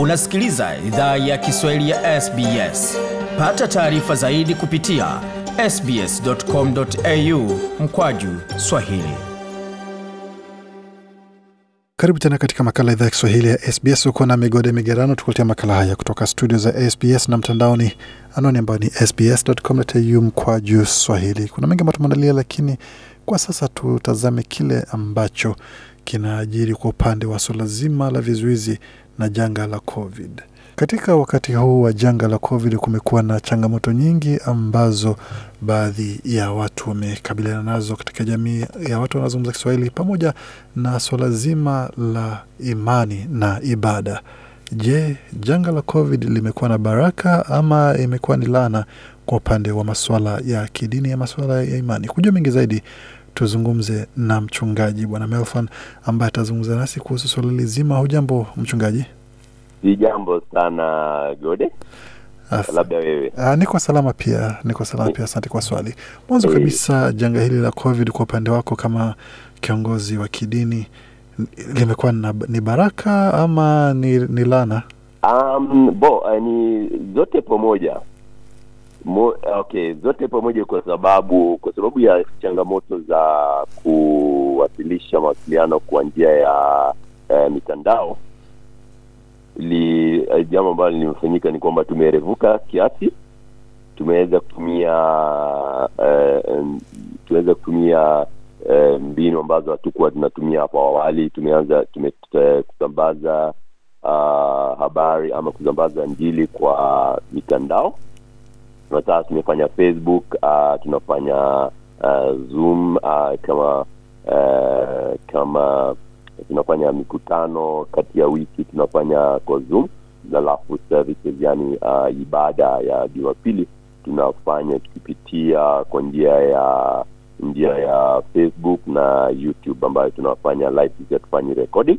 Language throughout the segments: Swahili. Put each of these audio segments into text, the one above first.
Unasikiliza idhaa ya Kiswahili ya SBS. Pata taarifa zaidi kupitia sbs.com.au mkwaju swahili. Karibu tena katika makala idhaa ya Kiswahili ya SBS. huko na migode migerano, tukuletea makala haya kutoka studio za SBS na mtandaoni, anaoni ambayo ni sbs.com.au mkwaju swahili. Kuna mengi ambayo tumeandalia, lakini kwa sasa tutazame kile ambacho kinaajiri kwa upande wa swalazima zima la vizuizi na janga la COVID. Katika wakati huu wa janga la COVID kumekuwa na changamoto nyingi ambazo baadhi ya watu wamekabiliana nazo katika jamii ya watu wanaozungumza Kiswahili, pamoja na swala zima la imani na ibada. Je, janga la COVID limekuwa na baraka ama imekuwa ni laana kwa upande wa masuala ya kidini ya masuala ya imani? Kujua mengi zaidi tuzungumze na mchungaji Bwana Melfan ambaye atazungumza nasi kuhusu swala lizima. Hujambo mchungaji? Si jambo sana Gode. Labda wewe. Aa, ah, niko salama pia, niko salama pia. Asante kwa swali. Mwanzo eh. kabisa, janga hili la COVID kwa upande wako kama kiongozi wa kidini limekuwa ni baraka ama ni, ni lana? Um, bo, eh, ni zote pamoja Mo, okay, zote pamoja kwa sababu kwa sababu ya changamoto za kuwasilisha mawasiliano kwa njia ya eh, mitandao Eh, jambo ambalo limefanyika ni kwamba tumerevuka kiasi, tumeweza kutumia uh, tumeweza kutumia uh, mbinu ambazo hatukuwa tunatumia hapo awali. Tumeanza tume kusambaza uh, habari ama kusambaza njili kwa mitandao. Sasa tumefanya Facebook, uh, tunafanya uh, Zoom uh, kama uh, kama tunafanya mikutano kati ya wiki tunafanya kwa Zoom, alafu services yani uh, ibada ya Jumapili tunafanya tukipitia kwa njia ya njia ya Facebook na YouTube ambayo tunafanya live, hatufanyi recording.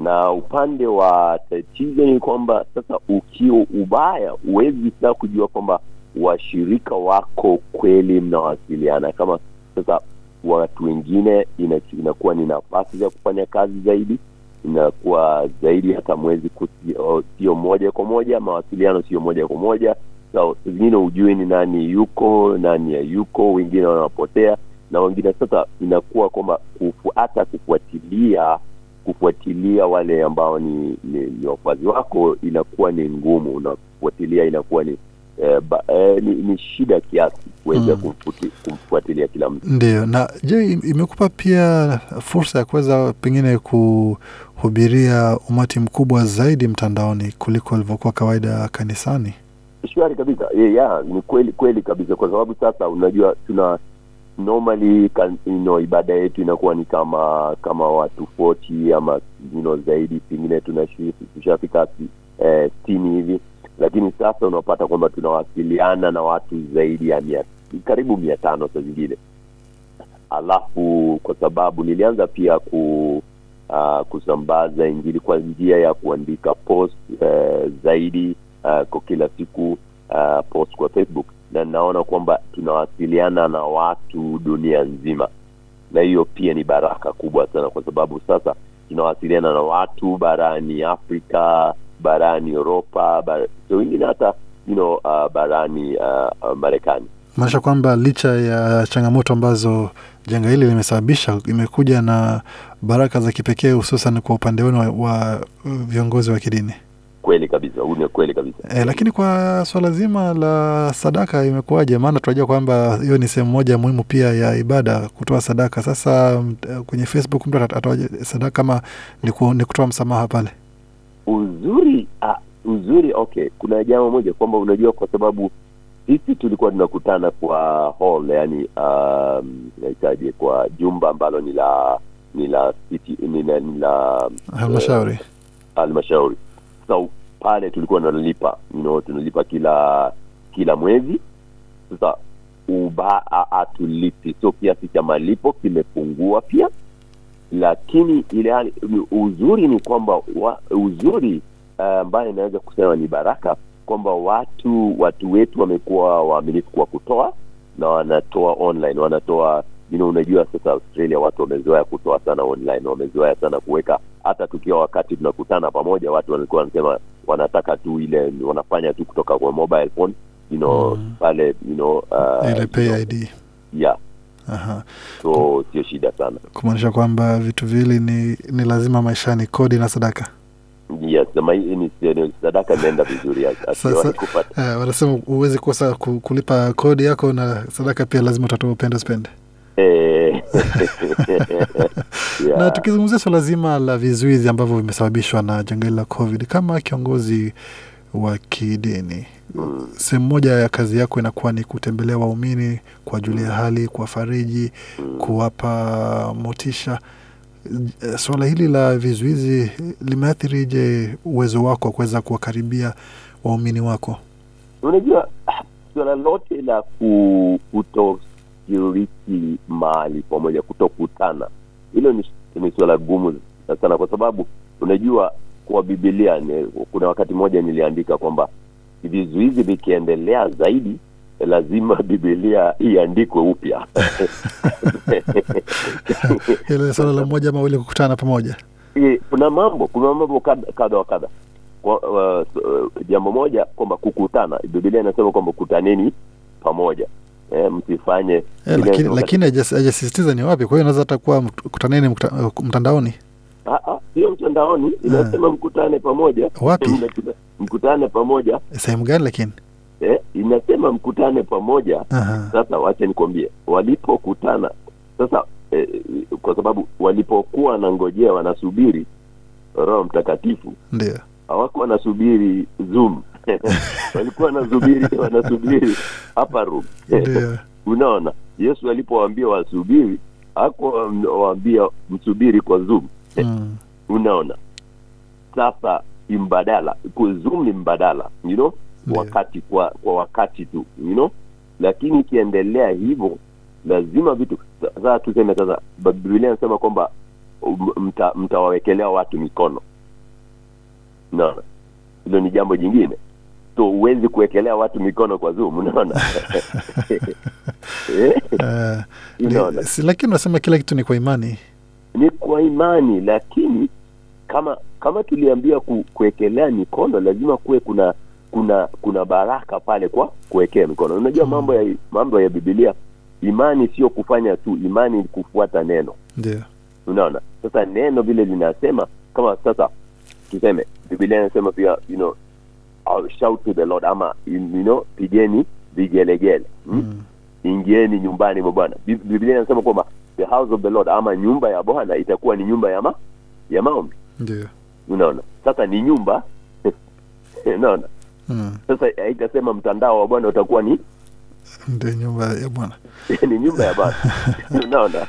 Na upande wa tatizo ni kwamba sasa ukio ubaya huwezi sasa kujua kwamba washirika wako kweli mnawasiliana kama sasa watu wengine inakuwa ni nafasi za kufanya kazi zaidi inakuwa zaidi hata mwezi sio moja kwa moja mawasiliano sio moja kwa moja so zingine hujui ni nani yuko nani yuko wengine wanapotea na wengine sasa inakuwa kwamba hata kufuatilia kufuatilia wale ambao ni, ni, ni wafazi wako inakuwa ni ngumu na kufuatilia inakuwa ni eh, ba, eh, ni, ni shida kiasi kuweza mm. kumfuatilia kila mtu. Ndio. Na je, imekupa pia fursa ya kuweza pengine kuhubiria umati mkubwa zaidi mtandaoni kuliko ilivyokuwa kawaida kanisani? Shwari kabisa. Yeah, yeah, ni kweli kweli kabisa, kwa sababu sasa unajua tuna normally you know, ibada yetu inakuwa ni kama kama watu 40 ama you know, zaidi, pengine tushafika eh, sitini hivi lakini sasa unapata kwamba tunawasiliana na watu zaidi ya mia, karibu mia tano saa zingine alafu kwa sababu nilianza pia ku uh, kusambaza injili kwa njia ya kuandika post uh, zaidi uh, kwa kila siku uh, post kwa facebook na naona kwamba tunawasiliana na watu dunia nzima na hiyo pia ni baraka kubwa sana kwa sababu sasa tunawasiliana na watu barani afrika barani Europa, bar, wengine hata you know, uh, barani uh, uh Marekani. Maanisha kwamba licha ya changamoto ambazo janga hili limesababisha, imekuja na baraka za kipekee, hususan kwa upande wenu wa, wa uh, viongozi wa kidini. Kweli kabisa, huu ni kweli kabisa e, lakini kwa swala zima la sadaka imekuwaje? Maana tunajua kwamba hiyo ni sehemu moja muhimu pia ya ibada, kutoa sadaka. Sasa uh, kwenye Facebook mtu atatoa sadaka kama ni, ku, ni kutoa msamaha pale uzuri ah, uzuri okay kuna jambo moja kwamba unajua kwa sababu sisi tulikuwa tunakutana kwa hall yani um, nahitaji kwa jumba ambalo ni la ni la city halmashauri eh, halmashauri so pale tulikuwa tunalipa you know, tunalipa kila kila mwezi sasa ubaa atulipi ah, ah, so kiasi cha malipo kimepungua pia lakini ile hali uzuri ni kwamba wa, uzuri eh, ambayo uh, inaweza kusema ni baraka kwamba watu watu wetu wamekuwa waaminifu kwa kutoa na wanatoa online wanatoa you know, unajua sasa Australia watu wamezoea kutoa sana online, wamezoea sana kuweka. Hata tukiwa wakati tunakutana pamoja, watu walikuwa wanasema wanataka tu ile wanafanya tu kutoka kwa mobile phone you know, mm. pale you know, uh, ile pay ID yeah Aha. So sio shida sana, kumaanisha kwamba vitu viwili ni, ni lazima maishani, kodi na sadaka. Yes, na maini, sadaka imeenda vizuri eh, wanasema uh, huwezi kosa kulipa kodi yako na sadaka pia lazima utatoa, upende spende eh. yeah. Na tukizungumzia swala zima la vizuizi ambavyo vimesababishwa na janga hili la COVID, kama kiongozi wa kidini. Sehemu moja ya kazi yako inakuwa ni kutembelea waumini, kuwajulia hali, kuwafariji, kuwapa motisha. Suala hili la vizuizi limeathiri je uwezo wako wa kuweza kuwakaribia waumini wako? Unajua, suala lote la kutoshiriki mahali pamoja, kutokutana, hilo ni, ni suala gumu sana, kwa sababu unajua kwa bibilia ni, kuna wakati mmoja niliandika kwamba vizuizi vikiendelea zaidi lazima bibilia iandikwe upya. Ile swala la mmoja ama kukutana pamoja, kuna mambo kuna mambo kadha wa kadha. Uh, jambo moja kwamba kukutana, bibilia inasema kwamba kutaneni pamoja e, msifanye eh, lakini, ajasisitiza ni wapi. Kwa hiyo naweza hata kuwa kutaneni mtandaoni. Ah, ah, sio mtandaoni, inasema ah. mkutane pamoja. Wapi mkutane pamoja? Sehemu gani lakini? Eh, inasema mkutane pamoja. Aha. Sasa wacha nikwambie, walipokutana sasa eh, kwa sababu walipokuwa wanangojea wanasubiri Roho Mtakatifu ndio hawako wanasubiri Zoom walikuwa wanasubiri wanasubiri hapa room unaona, Yesu alipowaambia wasubiri hakuwaambia msubiri kwa Zoom mm unaona sasa mbadala kuzum ni mbadala you know yeah. wakati kwa kwa wakati tu you know lakini ikiendelea hivyo lazima vitu sasa tuseme sasa bibilia anasema kwamba um, mta, mtawawekelea watu mikono unaona hilo ni jambo jingine so huwezi kuwekelea watu mikono kwa Zoom unaona uh, lakini unasema kila kitu ni kwa imani ni kwa imani, lakini kama kama tuliambia ku, kuwekelea mikono lazima kuwe kuna kuna kuna baraka pale kwa kuwekea mikono. Unajua hmm. mambo ya mambo ya Biblia, imani sio kufanya tu, imani kufuata neno, yeah. unaona. Sasa neno vile linasema kama sasa tuseme Biblia inasema pia you know, uh, shout to the Lord ama you know, pigeni vigelegele mm. mm. Ingieni nyumbani mwa Bwana. Biblia inasema kwamba the house of the Lord ama nyumba ya Bwana itakuwa ni nyumba ya ma, ya maombi. unaona sasa ni nyumba unaona mm. Sasa haitasema mtandao wa Bwana utakuwa ni ndio nyumba ya Bwana ni nyumba ya Bwana unaona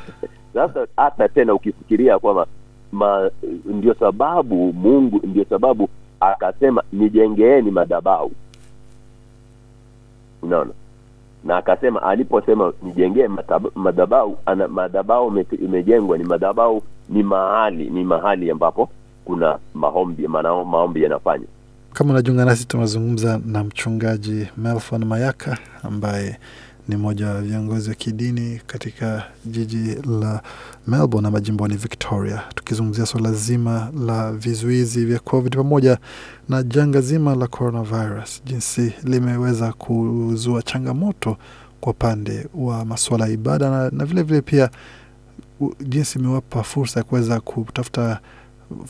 sasa hata tena ukifikiria kwamba ma, ndio sababu Mungu ndio sababu akasema nijengeeni madabau unaona na akasema aliposema nijengee madhabau madhabau imejengwa ni madhabau ni mahali ni mahali ambapo kuna maombi manao, maombi yanafanywa. Kama unajiunga nasi, tunazungumza na mchungaji Melfon Mayaka ambaye ni mmoja wa viongozi wa kidini katika jiji la Melbourne ama jimboni Victoria, tukizungumzia suala zima la vizuizi vya COVID pamoja na janga zima la coronavirus, jinsi limeweza kuzua changamoto kwa upande wa masuala ya ibada na, na vile vile pia jinsi imewapa fursa ya kuweza kutafuta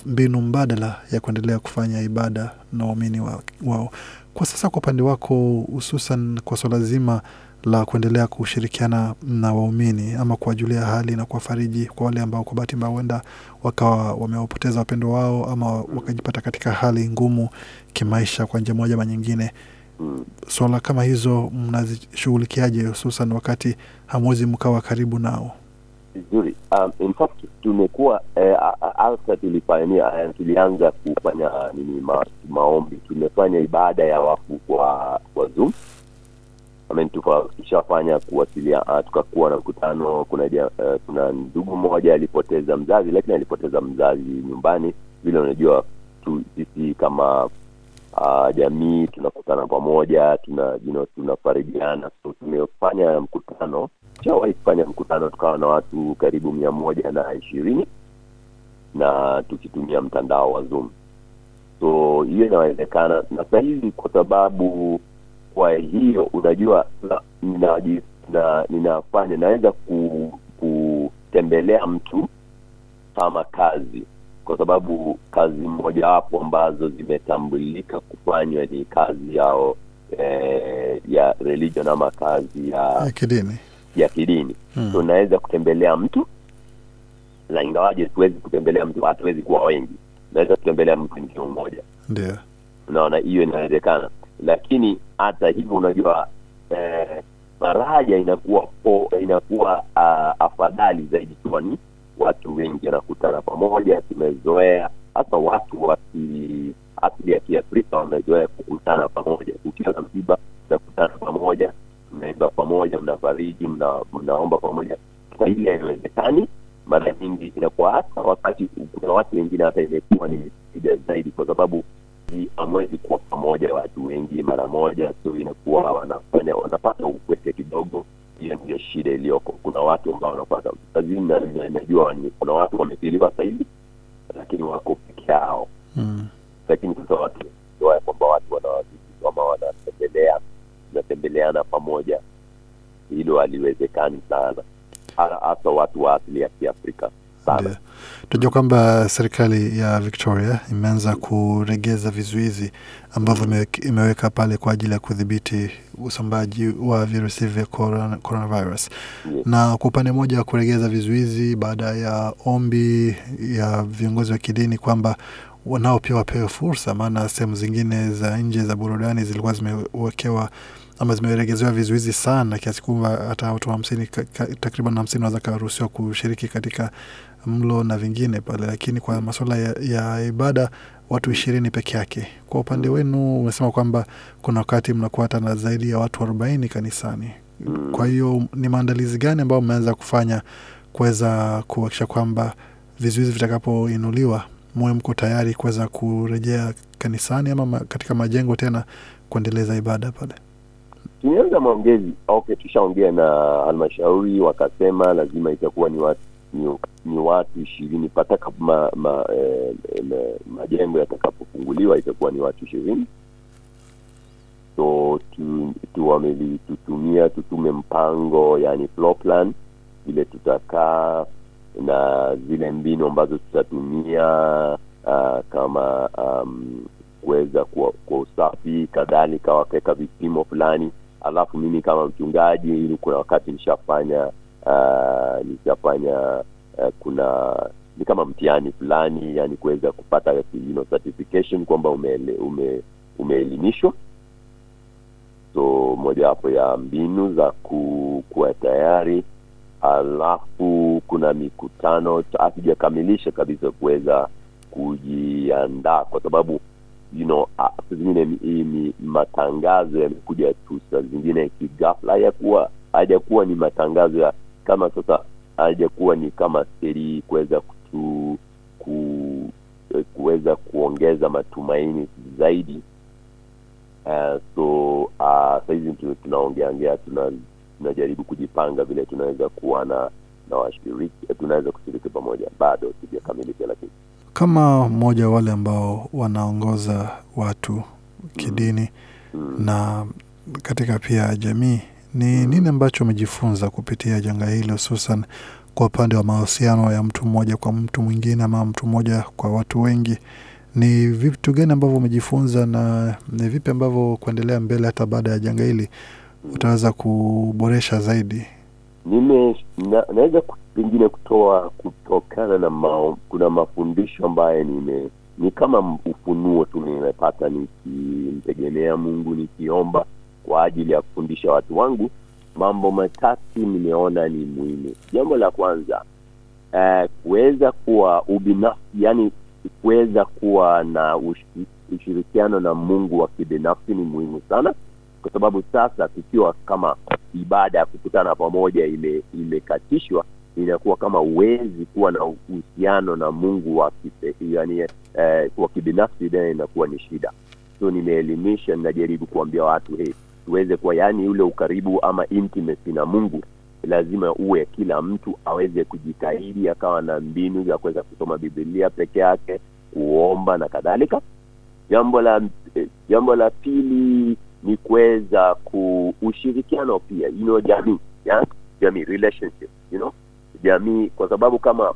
mbinu mbadala ya kuendelea kufanya ibada na waumini wao. Kwa sasa, kwa upande wako, hususan kwa swala zima la kuendelea kushirikiana na waumini ama kuwajulia hali na kuwafariji kwa wale ambao kwa bahati mbaya huenda wakawa wamewapoteza wapendo wao ama wakajipata katika hali ngumu kimaisha kwa njia moja ma nyingine. Swala kama hizo mnazishughulikiaje, hususan wakati hamwezi mkawa karibu nao? Vizuri. Um, tumekuwa eh, Alsa tulifanyia eh, tulianza kufanya nini ma, maombi. Tumefanya ibada ya wafu kwa, kwa Zoom amenitupa kuwasilia uh, tukakuwa na mkutano. Kuna uh, kuna ndugu mmoja alipoteza mzazi, lakini alipoteza mzazi nyumbani. Vile unajua sisi kama uh, jamii tunakutana pamoja, tuna you know, tunafarijiana. So tumefanya mkutano, shawahi kufanya mkutano, tukawa na watu karibu mia moja na ishirini na tukitumia mtandao wa Zoom. So hiyo inawezekana, na sahizi kwa sababu kwa hiyo unajua ninafanya na, na, na, naweza ku, kutembelea mtu kama kazi kwa sababu kazi mmojawapo ambazo zimetambulika kufanywa ni kazi yao eh, ya religion ama kazi ya, ya kidini ya kidini hmm. so naweza kutembelea mtu na ingawaje siwezi kutembelea mtu hatuwezi kuwa wengi naweza kutembelea mtu nikiwa mmoja ndio unaona hiyo inawezekana lakini hata hivyo unajua eh, inakuwa po, inakuwa uh, afadhali zaidi kwani watu wengi wanakutana pamoja. Tumezoea hasa watu wa asili ya Kiafrika wamezoea kukutana pamoja. Ukiwa na msiba, mnakutana pamoja, mnaimba pamoja, mnafariji, mna, mnaomba pamoja. kwa hili haiwezekani mara nyingi, inakuwa hata wakati kuna watu wengine hata imekuwa ni shida zaidi, kwa sababu hamwezi kuwa pamoja watu wengi mara moja, tu inakuwa wanafanya wanapata ukwete kidogo. Hiyo ndio shida iliyoko. Kuna watu ambao wanapata lazima najua kuna watu wamepiliwa sahivi, lakini wako peke yao mm. Lakini sasa watu ya kwamba watu wanawaama wanatembelea wanatembeleana pamoja, hilo haliwezekani sana, hasa watu wa asili ya Kiafrika sana. Tunajua kwamba serikali ya Victoria imeanza kuregeza vizuizi ambavyo imeweka pale kwa ajili ya kudhibiti usambaji wa virusi vya coronavirus yes. Na kwa upande mmoja wa kuregeza vizuizi baada ya ombi ya viongozi wa kidini kwamba wanao pia wapewe fursa, maana sehemu zingine za nje za burudani zilikuwa zimewekewa ama zimeregezewa vizuizi sana kiasi kwamba hata watu hamsini takriban hamsini wanaweza karuhusiwa kushiriki katika mlo na vingine pale, lakini kwa mm. masuala ya, ya ibada watu ishirini peke yake. Kwa upande wenu umesema kwamba kuna wakati mnakuwa hata na zaidi ya watu arobaini kanisani. Mm. Kwa hiyo ni maandalizi gani ambayo mmeanza kufanya kuweza kuhakikisha kwamba vizuizi vitakapoinuliwa muwe mko tayari kuweza kurejea kanisani ama katika majengo tena kuendeleza ibada pale? Tulianza maongezi okay, tushaongea na halmashauri wakasema lazima itakuwa ni watu ni, ni watu ishirini pataka ma, ma, eh, eh majengo yatakapofunguliwa itakuwa ni watu ishirini so tuwamelitutumia tu tutume mpango yani floor plan vile tutakaa na zile mbinu ambazo tutatumia uh, kama um, kuweza kwa, kwa usafi kadhalika wakaweka vipimo fulani alafu mimi kama mchungaji ili kuna wakati nishafanya uh, Uh, nikafanya uh, kuna ni kama mtihani fulani, yani kuweza kupata you know, certification kwamba ume, umeelimishwa ume so mojawapo ya mbinu za kuwa tayari. Alafu kuna mikutano asijakamilisha kabisa kuweza kujiandaa kwa sababu you know, uh, sa zingine matangazo yamekuja tu saa zingine kigafla hayakuwa hajakuwa ni matangazo ya kama sasa haijakuwa ni kama seri kuweza kutu ku, eh, kuweza kuongeza matumaini zaidi uh, so uh, ah, sahizi tunaongeaongea tuna tunajaribu kujipanga vile tunaweza kuwa na na washiriki eh, tunaweza kushiriki pamoja bado sijakamilika lakini kama mmoja wale ambao wanaongoza watu mm. kidini mm. Mm. na katika pia jamii ni nini ambacho umejifunza kupitia janga hili, hususan kwa upande wa mahusiano ya mtu mmoja kwa mtu mwingine ama mtu mmoja kwa watu wengi? Ni vitu gani ambavyo umejifunza na ni vipi ambavyo kuendelea mbele hata baada ya janga hili utaweza kuboresha zaidi? Nime na, naweza pengine kutoa kutokana na mao, kuna mafundisho ambayo nime ni kama ufunuo tu nimepata nikimtegemea Mungu nikiomba kwa ajili ya kufundisha watu wangu, mambo matatu nimeona ni muhimu. Jambo la kwanza eh, kuweza kuwa ubinafsi, yani kuweza kuwa na ushirikiano na Mungu wa kibinafsi ni muhimu sana, kwa sababu sasa tukiwa kama ibada ya kukutana pamoja imekatishwa, ime inakuwa kama uwezi kuwa na uhusiano na Mungu wa yani, eh, kibinafsi, then inakuwa ni shida. So nimeelimisha, ninajaribu kuambia watu hey, tuweze kuwa, yaani ule ukaribu ama intimacy na Mungu lazima uwe, kila mtu aweze kujitahidi akawa na mbinu za kuweza kusoma Biblia peke yake, kuomba na kadhalika. Jambo la eh, jambo la pili ni kuweza kuushirikiano pia, you know, jamii yeah? jamii relationship, you know jamii, kwa sababu kama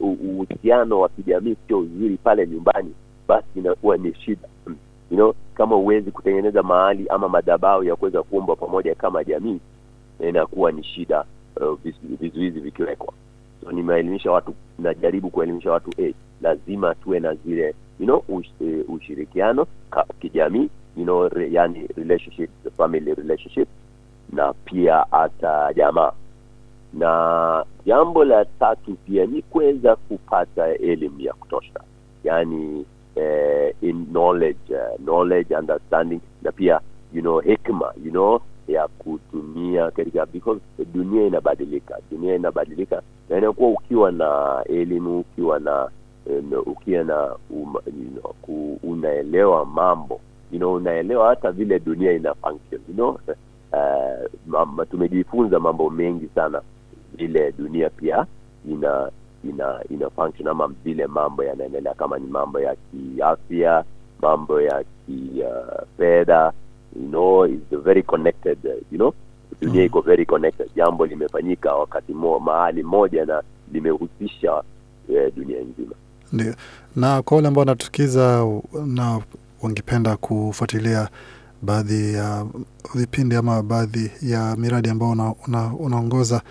uhusiano wa kijamii sio uzuri pale nyumbani, basi inakuwa ni shida you know, kama huwezi kutengeneza mahali ama madhabao ya kuweza kuomba pamoja kama jamii, inakuwa ni shida uh, vizuizi vikiwekwa. So nimeelimisha watu, najaribu kuelimisha watu hey, eh, lazima tuwe na zile you know, ush, eh, uh, ushirikiano kijamii you know, re, yani relationship, family relationship na pia hata jamaa. Na jambo la tatu pia ni kuweza kupata elimu ya kutosha, yani eh, in knowledge uh, knowledge understanding na pia you know hikma you know ya kutumia katika because dunia inabadilika dunia inabadilika na inakuwa ukiwa na elimu ukiwa na um, ukiwa na um, you know, ku, unaelewa mambo you know unaelewa hata vile dunia ina function you know uh, tumejifunza mambo mengi sana vile dunia pia ina ina ina function ama vile mambo yanaendelea, kama ni mambo ya kiafya, mambo ya kifedha, uh, you know is very connected you know dunia mm. iko very connected. Jambo limefanyika wakati mo, mahali moja na limehusisha eh, dunia nzima. Ndio, na kwa wale ambao wanatukiza na wangependa kufuatilia baadhi ya vipindi ama baadhi ya miradi ambao unaongoza una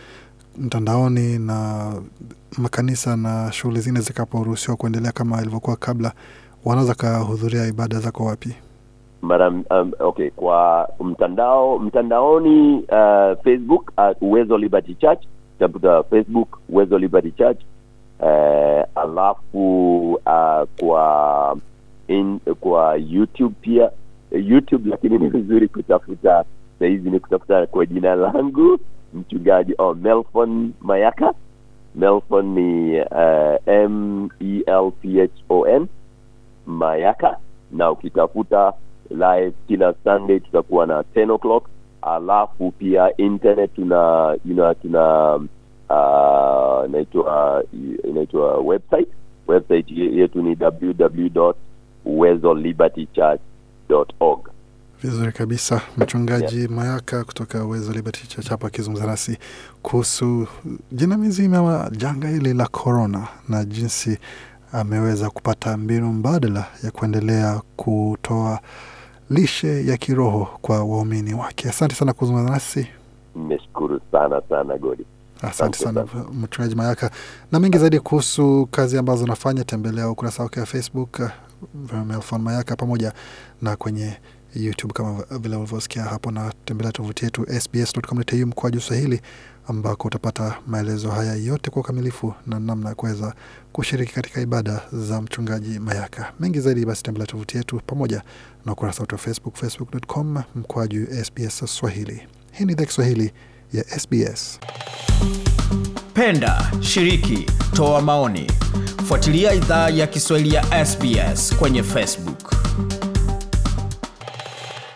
mtandaoni na makanisa na shughuli zingine zikaporuhusiwa kuendelea kama ilivyokuwa kabla, wanaweza kahudhuria ibada zako wapi? mara um, okay kwa mtandao mtandaoni uh, facebook uh, uwezo liberty church tafuta facebook uwezo liberty church uh, alafu uh, kwa in, kwa youtube pia youtube lakini ni vizuri kutafuta sahizi ni kutafuta kwa jina langu mchungaji oh, Melfon Mayaka. Melfon ni uh, M E L P H O N Mayaka, na ukitafuta live kila Sunday tutakuwa na 10 o'clock, alafu pia internet tuna you know, tuna uh, inaitwa inaitwa website website yetu ni www.uwezolibertychurch.org Vizuri kabisa, mchungaji yeah, Mayaka kutoka Wezo Liberty Chachapa akizungumza nasi kuhusu jinamizi ama janga hili la korona na jinsi ameweza kupata mbinu mbadala ya kuendelea kutoa lishe ya kiroho kwa waumini wake. Asante sana kuzungumza nasi. Nimeshukuru sana sana Godi. Asante sana mchungaji Mayaka, na mengi zaidi kuhusu kazi ambazo unafanya, tembelea ukurasa wake wa Facebook Mayaka pamoja na kwenye YouTube kama vile ulivyosikia hapo, na tembelea tovuti yetu sbs.com.au juu Swahili ambako utapata maelezo haya yote kwa ukamilifu na namna ya kuweza kushiriki katika ibada za mchungaji Mayaka. Mengi zaidi, basi tembelea tovuti yetu pamoja na ukurasa wetu wa Facebook, facebook.com juu SBS Swahili. Hii ni idhaa Kiswahili ya SBS. Penda, shiriki, toa maoni, fuatilia idhaa ya Kiswahili ya SBS kwenye Facebook.